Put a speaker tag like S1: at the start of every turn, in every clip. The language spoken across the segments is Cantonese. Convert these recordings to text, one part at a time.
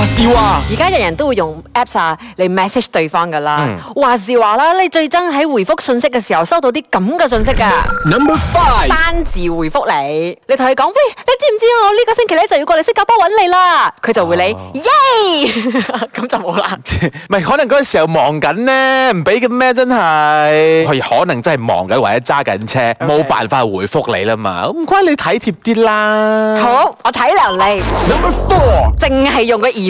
S1: 話時話，而家人人都會用 apps 啊嚟 message 對方噶啦，話時話啦，你最憎喺回覆信息嘅時候收到啲咁嘅信息噶。Number five 單字回覆你，你同佢講，喂，你知唔知我呢個星期咧就要過嚟新加坡揾你啦？佢就回你，耶，咁
S2: 就冇啦。唔係可能嗰個時候忙緊咧，唔俾嘅咩，真係。佢可能真係忙緊或者揸緊車，冇辦法回覆你啦嘛，唔該你體貼啲啦。
S1: 好，我體諒你。Number four 淨係用個二。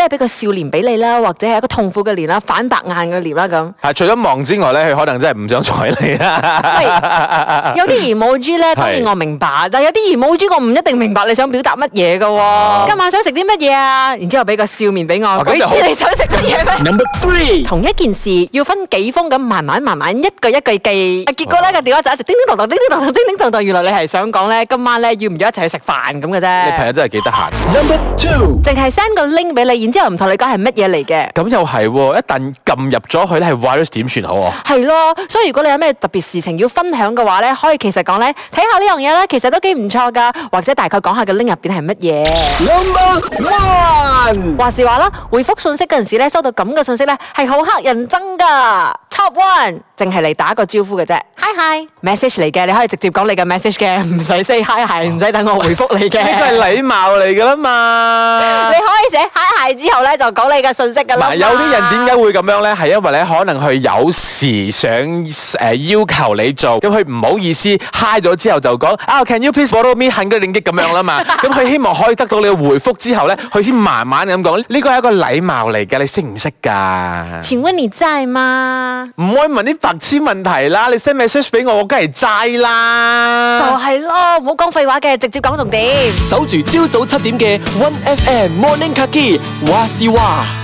S1: 即係俾個笑臉俾你啦，或者係一個痛苦嘅臉啦，反白眼嘅臉啦咁。
S2: 係除咗忙之外咧，佢可能真係唔想睬你啦。喂，
S1: 有啲 emoji 咧，當然我明白，但係有啲 emoji，我唔一定明白你想表達乜嘢噶。今晚想食啲乜嘢啊？然之後俾個笑臉俾我，鬼知你想食乜嘢咩？Number three，同一件事要分幾封咁慢慢慢慢一句一句記。啊，結果咧個電話就一直叮叮噹噹叮叮噹噹叮叮噹噹，原來你係想講咧今晚咧要唔要一齊去食飯咁嘅啫。你朋友真係幾得閒。Number two，淨係 send 個 link 俾你。之後唔同你講係乜嘢嚟嘅，
S2: 咁又係，一旦撳入咗去咧係 virus 點算好
S1: 啊？係咯，所以如果你有咩特別事情要分享嘅話咧，可以其實講咧，睇下呢樣嘢咧，其實都幾唔錯噶，或者大概講下個 link 入邊係乜嘢。Number one，話時話啦，回覆信息嗰陣時咧，收到咁嘅信息咧，係好乞人憎噶。Top one，淨係嚟打個招呼嘅啫。Hi hi，message 嚟嘅，你可以直接講你嘅 message 嘅，唔使 say hi hi，唔使等我回覆你嘅。呢個係禮
S2: 貌嚟噶啦嘛。
S1: 你可以寫 hi hi 之後咧就講你嘅信息噶啦。嗱，有啲人點
S2: 解會咁樣咧？係因為咧可能佢有時想誒、呃、要求你做，咁佢唔好意思 hi 咗之後就講，啊、oh，can you please follow me？響個點擊咁樣啦嘛。咁佢 希望可以得到你嘅回覆之後咧，佢先慢慢咁講。呢個係一個禮貌嚟嘅，你識唔識噶？
S1: 請問你在嗎？
S2: 唔好問啲白痴問題啦！你 send message 俾我，我梗係齋啦。就
S1: 係咯，唔好講廢話嘅，直接講重點。
S2: 守住朝早七點嘅 One FM Morning Kaki，話事話。